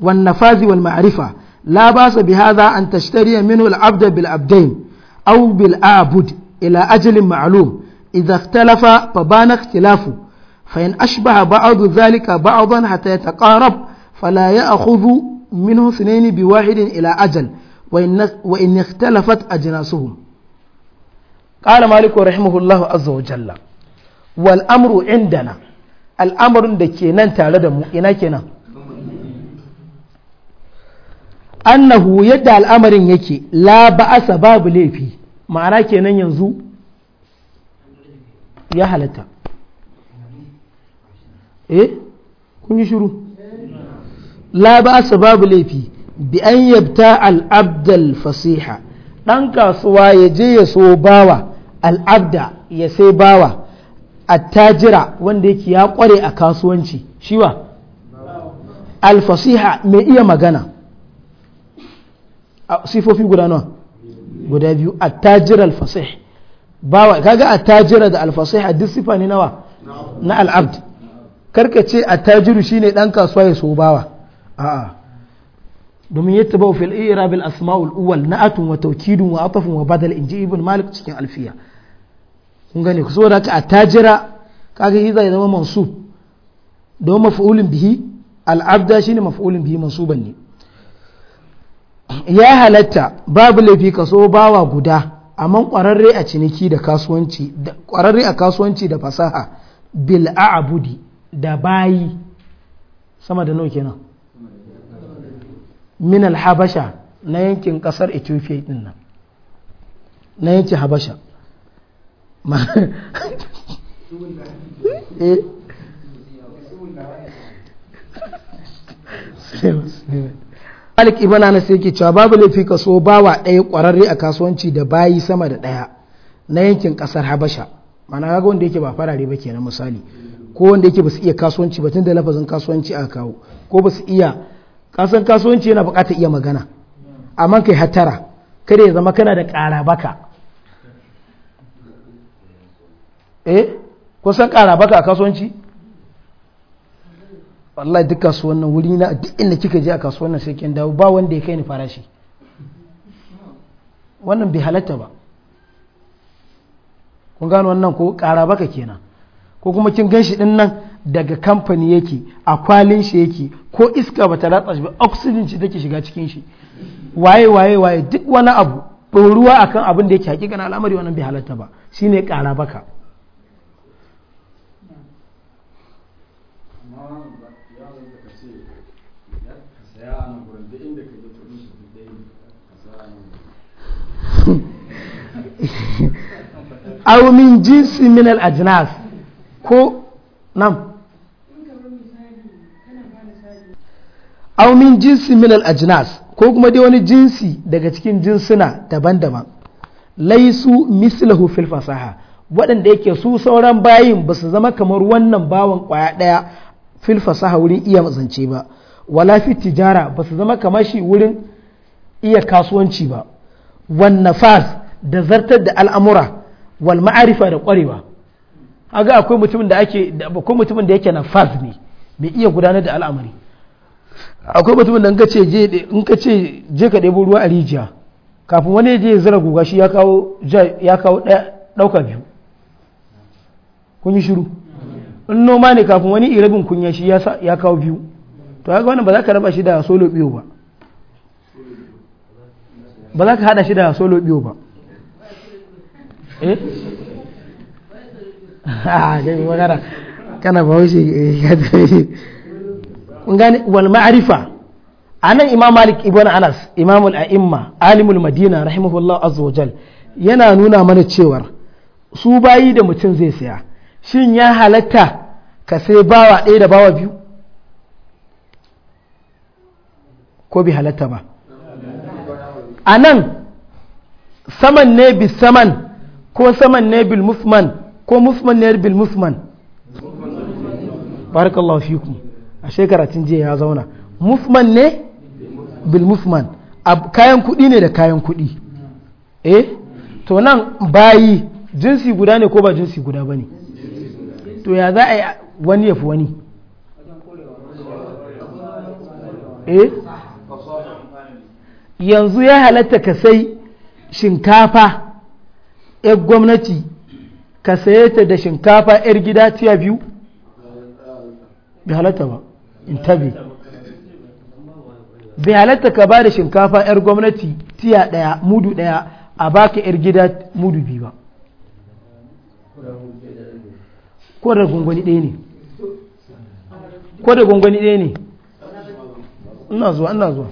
Speaker 1: والنفاذ والمعرفة لا بأس بهذا أن تشتري منه العبد بالعبدين أو بالأعبد إلى أجل معلوم إذا اختلف فبان اختلافه فإن أشبه بعض ذلك بعضا حتى يتقارب فلا يأخذ منه اثنين بواحد إلى أجل وإن, وإن اختلفت أجناسهم قال مالك رحمه الله عز وجل والأمر عندنا الأمر دكي ننتع لدمو إنا كنا annahu yadda al'amarin yake la ba'asa babu laifi ma'ana kenan yanzu ya halatta eh kun yi shiru la ba su babu laifi bi an yabta al'abdal fasiha ɗan kasuwa ya je ya so bawa al'abda ya sai bawa tajira wanda yake ya kware a kasuwanci shiwa alfasiha mai iya magana sifofi guda nawa guda biyu al alfasih bawa kaga attajira da alfasiha duk sifa ne nawa na al'abd karka ce attajiru shine dan kasuwa ya so bawa a'a domin yadda bau fil ira bil asma'ul uwal na'atun wa tawkidun wa atafun wa badal inji ibn malik cikin alfiya kun gane ku saboda ka attajira kaga shi zai zama mansub don maf'ulun bihi al'abda shine maf'ulun bihi mansuban ne ya halatta babu laifi kaso bawa guda amma ƙwararre a ciniki da kasuwanci ƙwararre a kasuwanci da fasaha bil a'budi da bayi sama da nau kenan min habasha na yankin ƙasar ethiopia din nan na yankin habasha (laughs) eh Malik ibn Anas yake cewa babu laifi ka so bawa ɗaya ƙwararre a kasuwanci da bayi sama da ɗaya na yankin ƙasar Habasha mana kaga wanda yake ba farare ba kenan misali ko wanda yake ba su iya kasuwanci ba da lafazin kasuwanci aka kawo ko ba su iya kasan kasuwanci yana buƙatar iya magana amma kai hatara kada ya zama kana da ƙara baka eh kusan ƙara baka a kasuwanci wallahi duk kasuwan nan wuri na duk inda kika je a kasuwan nan sai kin dawo ba wanda ya kai ni farashi wannan bai halatta ba kun gano wannan ko ƙara baka kenan ko kuma kin ganshi din nan daga kamfani yake a kwalin shi yake ko iska ba ta ratsa shi ba oxygen shi take shiga cikin shi waye waye waye duk wani abu ruwa akan abin da yake hakika na al'amari wannan bai halatta ba shine ƙara baka aw min jinsi min al ajnas ko nam aw min jinsi min al ajnas ko kuma dai wani jinsi daga cikin jinsuna daban-daban laisu mislahu fil fasaha waɗanda yake su sauran bayin ba su zama kamar wannan bawan ƙwaya ɗaya fil fasaha wurin iya zance ba wala fi tijara ba su zama kamar shi wurin iya kasuwanci ba wan nafas da zartar da al'amura wal ma'arifa da ƙwarewa. A ga akwai mutumin da ake akwai mutumin da yake na fars ne mai iya gudanar da al'amari akwai mutumin da in ka ce je ka ce ɗebo ruwa a rijiya kafin wani je zira guga shi ya kawo ɗauka biyu kun yi shiru in noma ne kafin wani irabin kunya shi ya kawo biyu to haka wannan ba za ka raba shi da solo biyu ba ba za ka hada shi da solo biyu ba Eh? (laughs) Ah, eh, (laughs) a kana ma'arifa anan imam malik ibn anas imam al-a'imma alimul madina rahimahullah azza wajal yana nuna mana cewa su bayi da mutum zai saya shin ya halatta ka sai bawa ɗaya da bawa biyu ko bi halatta ba a nan saman ne bi saman ko saman ne bil musman ko musman ne bil musman barakallahu fikum a jiya ya zauna musman ne bil musman kayan kuɗi ne da kayan kuɗi eh to nan bayi jinsi guda ne ko ba jinsi guda ba ne to ya za a yi wani ya fi wani eh yanzu ya halatta ka sai shinkafa 'yar gwamnati ka saye ta da shinkafa 'yar gida tiya biyu bai halatta ba in tabi bai halatta ka ba da shinkafa 'yar gwamnati tiya ɗaya mudu ɗaya a baka 'yar gida mudu biyu ba ko da gungoni ɗaya ne ko da gungoni ɗaya ne ina zuwa ina zuwa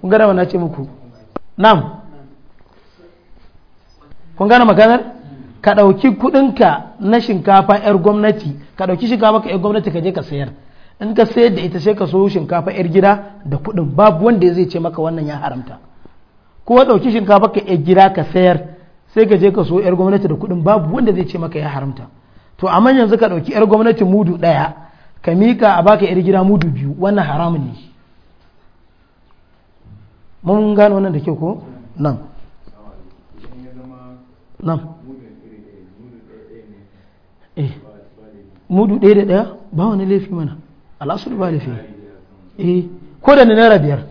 Speaker 1: kun na ce muku nam kun gane maganar ka ɗauki kuɗinka na shinkafa 'yar gwamnati ka ɗauki shinkafa ka 'yar gwamnati ka je ka sayar in ka sayar da ita sai ka so shinkafa 'yar gida da kuɗin babu wanda zai ce maka wannan ya haramta ko ɗauki shinkafa ka 'yar gida ka sayar sai ka je ka so 'yar gwamnati da kuɗin babu wanda zai ce maka ya haramta to amma yanzu ka ɗauki 'yar gwamnati mudu ɗaya ka mika a baka 'yar gida mudu biyu wannan haramun ne mun gane wannan da kyau ko nan nan eh mudu ɗaya da ɗaya ba wani laifi mana al'asulu ba laifi eh ko da naira biyar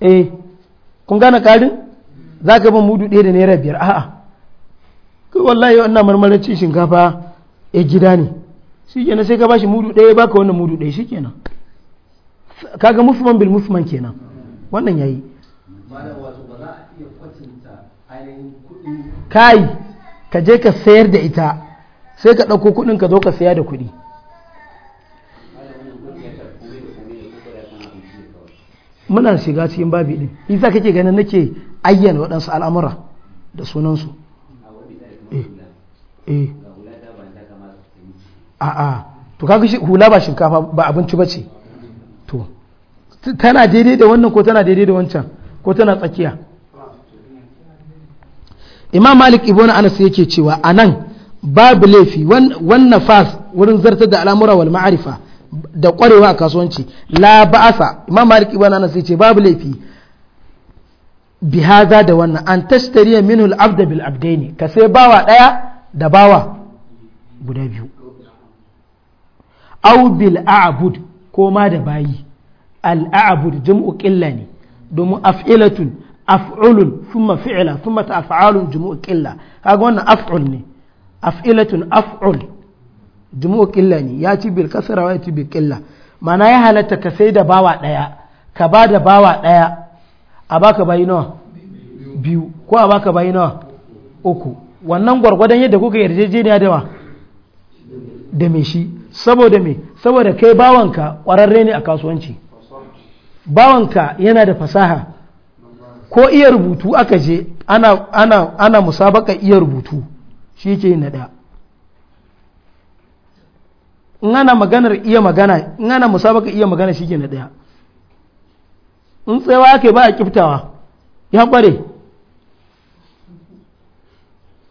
Speaker 1: eh kun gane karin za ka ban mudu ɗaya da naira biyar a'a kai wallahi wannan marmarar ci shinkafa ya gida ne shi kenan sai ka ba shi mudu ɗaya ba ka wannan mudu ɗaya shi kenan kaga musulman bil musulman kenan wannan ya yi. ba za a iya kwatanta ainihin kai ka je ka sayar da ita sai ka ɗauko kuɗin ka zo ka saya da kuɗi muna shiga cikin babi ɗin isa kake ganin nake ayyana waɗansu al'amura da sunansu eh, eh. a'a to kaga hula ba shinkafa ba abinci ba ce to tana daidai da wannan ko tana daidai da wancan ko tana tsakiya imam malik ibn anas yake cewa anan babu laifi wannan fas wurin zartar da al'amura wal ma'arifa da kwarewa a kasuwanci la ba'asa imam malik ibn anas yace babu laifi bi da wannan an tashtariya minhu al-abda bil abdaini ka sai bawa daya da bawa guda biyu aw bil a'bud ko ma da bayi al a'bud jam'u qilla ne domin af'ilatun أفعل ثم فعل ثم ta'fa'alun جموع كلا kaga wannan أفعل ne af'ilatun af'ul ya ci bil kasra wa ya ci bil qilla ka sai da bawa daya wannan gwargwadon yadda kuka yarjejeniya da wa da me shi saboda me saboda kai bawanka kwararre ne a kasuwanci bawanka yana da fasaha ko iya rubutu aka je ana ana ana musabaka iya rubutu shi ke na ɗaya in ana maganar iya magana in ana musabaka iya magana shi ke na ɗaya in tsayawa ake ba a kiftawa ya ƙware.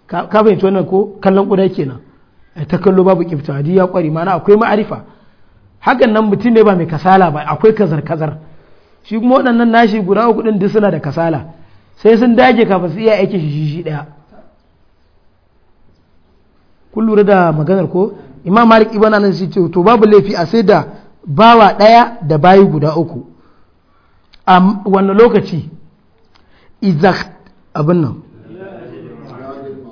Speaker 1: ka fahimci wannan ko kallon ƙuda kenan ta kallo babu kiftawa ya ƙware mana akwai ma'arifa hakan nan mutum ne ba mai kasala ba akwai kazar kazar shi kuma waɗannan nashi guda uku ɗin duk suna da kasala sai sun dage kafin su iya aiki shi shi ɗaya kun lura da maganar ko imam malik ibn anan shi ce to babu laifi a sai da bawa ɗaya da bayi guda uku a wannan lokaci izak abin nan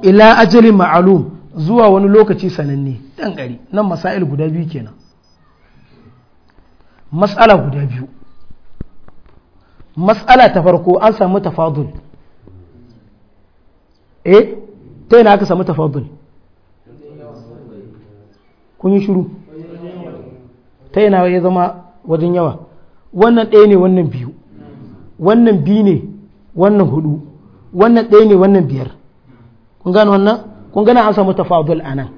Speaker 1: ila ajali ma'alum zuwa wani lokaci sananne ɗan ƙari nan masail guda biyu kenan mas'ala guda biyu matsala ta farko an samu tafadul eh ta yana aka samu tafadul kun yi shiru ta yana ya zama wajen yawa wannan ɗaya ne wannan biyu wannan biyu ne wannan hudu wannan ɗaya ne wannan biyar kun gano wannan kun gana an samu tafadul a nan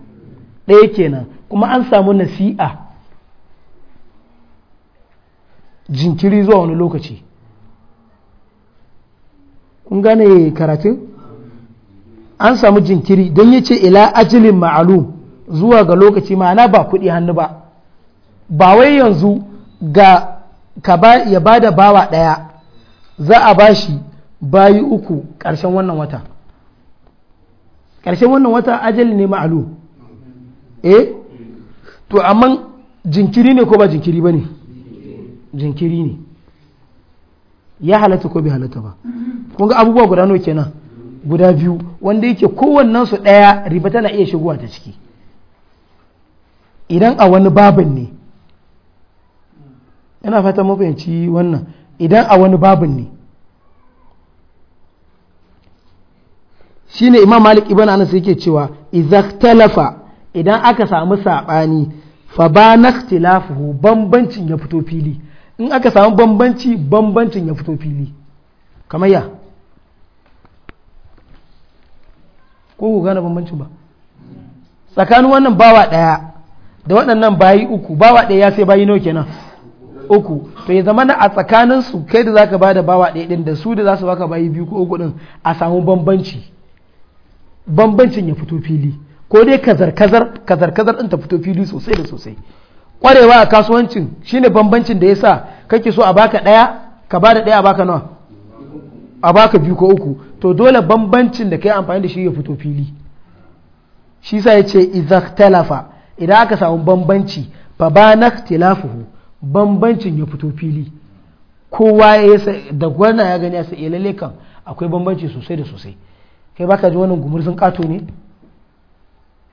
Speaker 1: ɗaya kenan kuma an samu nasi'a jinkiri zuwa wani lokaci kun gane karatun an samu jinkiri don ya ce ila ajilin ma'alum zuwa ga lokaci ma'ana ba kuɗi hannu ba ba wai yanzu ga ka ba ya bada bawa ɗaya za a ba shi bayi uku ƙarshen wannan wata ƙarshen wannan wata ajali ne ma'alu eh to amma jinkiri ne ko ba jinkiri ba ne jinkiri ne ya halatta ko bai halatta ba kun ga abubuwa guda nawa kenan guda biyu wanda yake kowannen su ɗaya riba tana iya shigowa ta ciki idan a wani babin ne ina fata mafiyanci wannan idan a wani babin ne shine imam malik ibn anas yake cewa talafa idan aka samu saɓani fa ba na bambancin ya fito fili in aka samu bambanci bambancin ya fito fili kamar ya ko ku gane bambanci ba tsakanin wannan bawa ɗaya da waɗannan bayi uku bawa ɗaya ya sai bayi nawa kenan uku to ya zama a tsakanin su kai da zaka bada bawa ɗaya ɗin da su da zasu baka bayi biyu ko uku ɗin a samu bambanci bambancin ya fito fili ko dai kazar kazar kazar kazar ɗin ta fito fili sosai da sosai kwarewa a kasuwancin shine bambancin da yasa kake so a baka ɗaya ka bada ɗaya a baka nawa a baka biyu ko uku to dole bambancin da kai amfani da shi ya fito fili shi sa ya ce izaktalafa idan aka samu bambanci fa ba na tilafuhu bambancin ya fito fili kowa ya da gwana ya gani a sai eh, lalle kan akwai bambanci sosai da sosai kai baka ji wannan gumurzun kato ne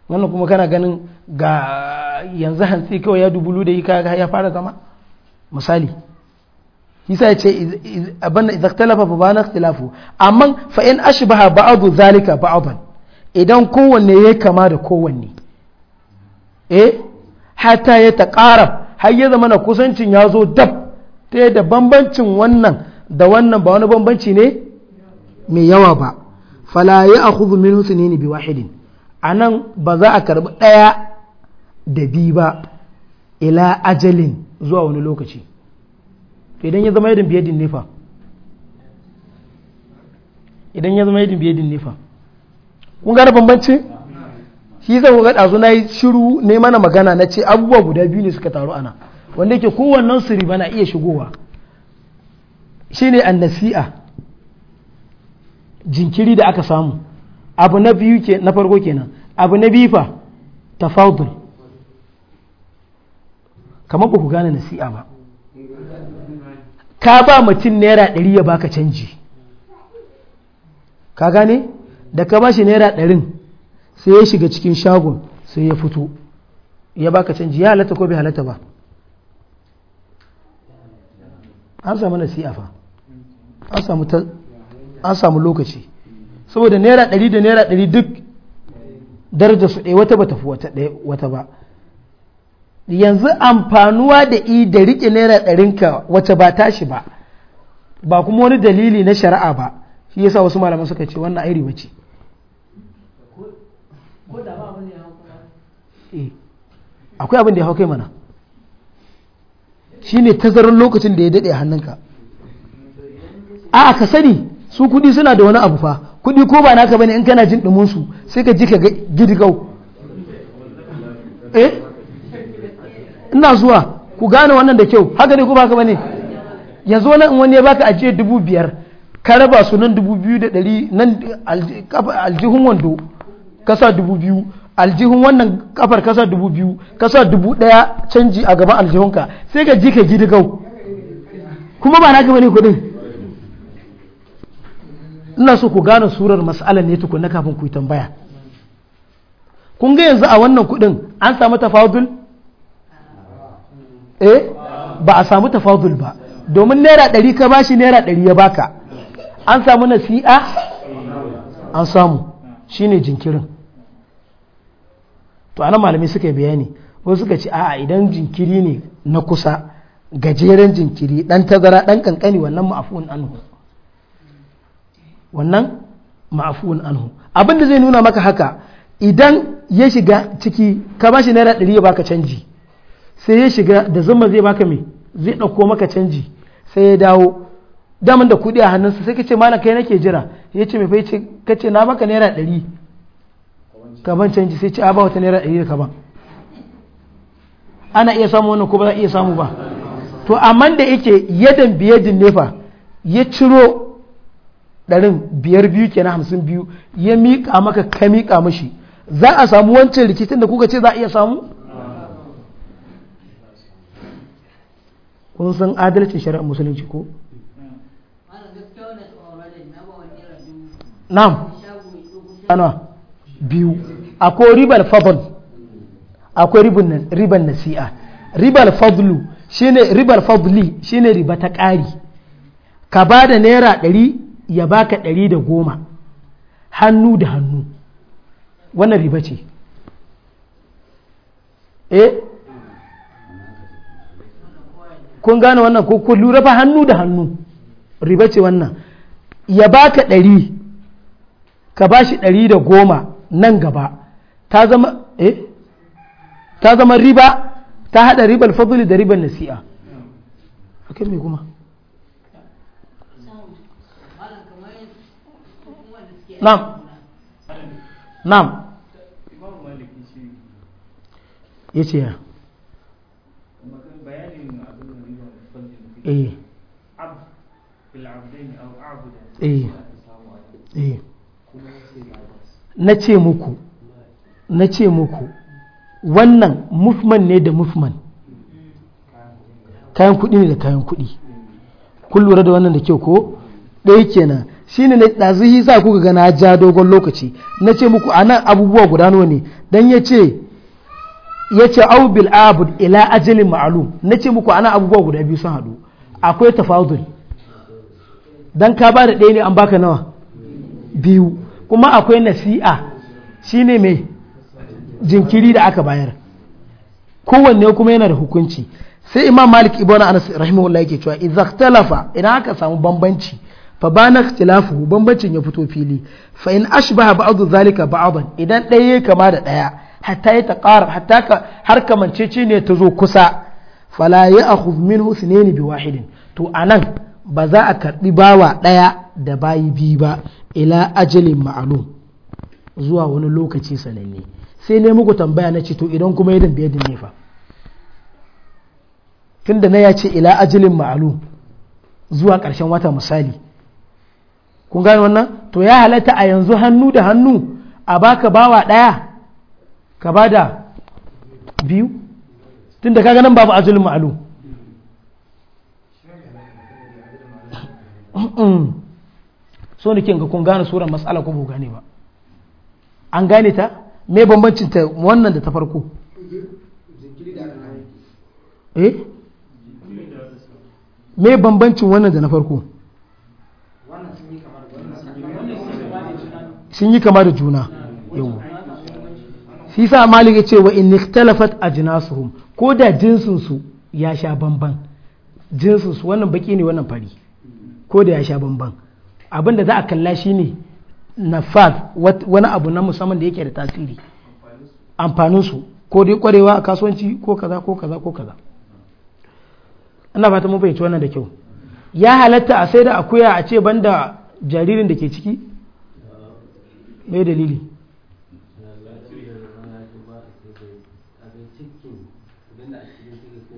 Speaker 1: wannan kuma kana ganin ga yanzu hantsi kawai ya dubulu da yi ya fara zama misali yasa ya ce abin da talafa fa na ikhtilafu amma fa in ashbaha ba'du zalika ba'dan idan kowanne ya kama da kowanne eh hatta ya ƙara har ya zama na kusancin ya zo dab ta yadda bambancin wannan da wannan ba wani bambanci ne mai yawa ba fala ya akhudhu minhu sunaini bi wahidin anan ba za a karbi ɗaya da bi ba ila ajalin zuwa wani lokaci to idan ya zama yadin biyadin nifa idan ya zama yadin biyadin nifa kun gane bambanci shi zan ga ɗazu na yi shiru ne mana magana na ce abubuwa guda biyu ne suka taru ana wanda yake kowannen su riba na iya shigowa shine annasi'a jinkiri da aka samu abu na biyu ke na farko kenan abu na biyu fa tafadul kamar ba ku gane nasi'a ba ka ba mutum naira ɗari ya baka canji ka gane da ka ba shi naira ɗarin sai ya shiga cikin shagon sai ya fito ya baka canji ya halatta ko bai halatta ba an samu nasi'a fa an samu lokaci saboda naira ɗari da naira ɗari duk darajar su ɗaya wata ba tafi wata ba yanzu amfanuwa da i da riƙe naira ɗarinka wacce ba tashi ba ba kuma wani dalili na shari'a ba shi yasa wasu malaman suka ce wannan airi bace eh, akwai abin da ya hau kai mana shine tazarin lokacin da ya daɗe a hannunka a ka sani su kudi suna da wani abu fa kudi ko ba naka bane in kana jin ɗumunsu sai ka ji ka gidigau eh ina zuwa ku gane wannan da kyau haka ne ku baka bane yanzu wani wani ya baka ajiye dubu biyar ka raba su nan dubu biyu da ɗari nan aljihun wando kasa dubu biyu aljihun wannan kafar kasa dubu biyu kasa dubu ɗaya canji a gaban aljihunka sai ka ji ka ji da gau kuma ba na gaba ne kuɗin ina so ku gane surar mas'ala ne na kafin ku yi tambaya kun ga yanzu a wannan kuɗin an samu tafadul eh ba a samu tafadul ba domin naira ɗari ka bashi naira ɗari ya baka an samu nasi'a an samu shine jinkirin to ana malamai suka yi bayani wasu suka ce a'a idan jinkiri ne na kusa gajeren jinkiri ɗan tazara ɗan kankani wannan ma'afuwan anhu wannan ma'afuwan anhu abin da zai nuna maka haka idan ya shiga ciki ka bashi naira ɗari ya baka canji sai ya shiga da zama zai baka mai zai ɗauko maka canji sai ya dawo daman da kuɗi a hannunsa sai kace mana kai nake jira ya ce mai fai kace na baka naira ɗari ka ban canji sai ce a ba wata naira ɗari ka ban ana iya samu wannan ko ba za a iya samu ba to amma da yake yadan din nefa ya ciro ɗarin biyar biyu kenan hamsin biyu ya miƙa maka ka miƙa mashi za a samu wancan rikicin da kuka ce za a iya samu kun san adalci shari'ar musulunci ko na ana biyu akwai ribar fadl akwai ribar nasi'a ribar fadlu shine ribar fadli shine riba ta ƙari ka ba da naira ɗari ya baka ɗari da goma hannu da hannu wannan riba ce eh kun gane wannan ko kun lura fa hannu da hannu riba ce wannan ya ba ka ɗari ka ba shi ɗari da goma nan gaba ta zama eh ta zama riba ta haɗa ribar fadli da ribar nasi'a A kai mai kuma na'am na'am ce ya Eh. Eh. Eh. na ce muku na ce muku wannan mufman ne da mufman kayan kudi ne da kayan kudi kun da wannan da kyau ko ɗaya kenan shine ne ɗazu hisa kuka ga na ja dogon lokaci na ce muku a nan abubuwa guda nawa ne don ya ce ya ce ila ajalin ma'alum na ce muku a nan abubuwa guda biyu sun haɗu akwai tafadul dan ka ba da ɗaya ne an baka nawa biyu kuma akwai nasi'a shine mai jinkiri da aka bayar kowanne kuma yana da hukunci sai imam malik ibn anas rahimahullah yake cewa idza ikhtalafa idan aka samu bambanci fa bana ikhtilafu bambancin ya fito fili fa in ashbaha ba'du zalika ba'dan idan ɗaya kama da ɗaya hatta ya taqarab hatta har kamancece ne ta zo kusa fala ya'khudh minhu ithnayn bi wahidin to a nan ba za a karɓi bawa ɗaya da bayi biyu ba ila ajalin ma'alum zuwa wani lokaci sananne sai ne muku tambaya na ce to idan kuma ya dambe da nefa tunda na ya ce ila ajalin ma'alum zuwa ƙarshen wata misali kun gane wannan to ya halatta a yanzu hannu da hannu a baka bawa ɗaya ka bada biyu tunda kaga nan babu ajalin ma'alum so nake ga kun gane surar matsala ko ba gane ba an gane ta me bambancin ta wannan da ta farko eh me bambancin wannan da na farko sun yi kama da juna yau shi sa malik ya ce wa in ikhtalafat ajnasuhum ko da jinsinsu ya sha bamban jinsinsu wannan baki ne wannan fari ko da ya sha bamban abin da za a kalla shi ne na fad wani abu na musamman da yake da tasiri amfaninsu ko dai kwarewa a kasuwanci ko kaza ko kaza ko kaza ana fata mun fahimci wannan da kyau ya halatta a sai da akuya a ce banda jaririn da ke ciki mai dalili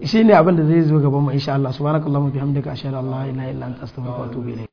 Speaker 1: shi ne abin da zai zo gaban mu insha Allah subhanakallahumma bihamdika ashhadu an la ilaha illa anta astaghfiruka wa atubu ilayk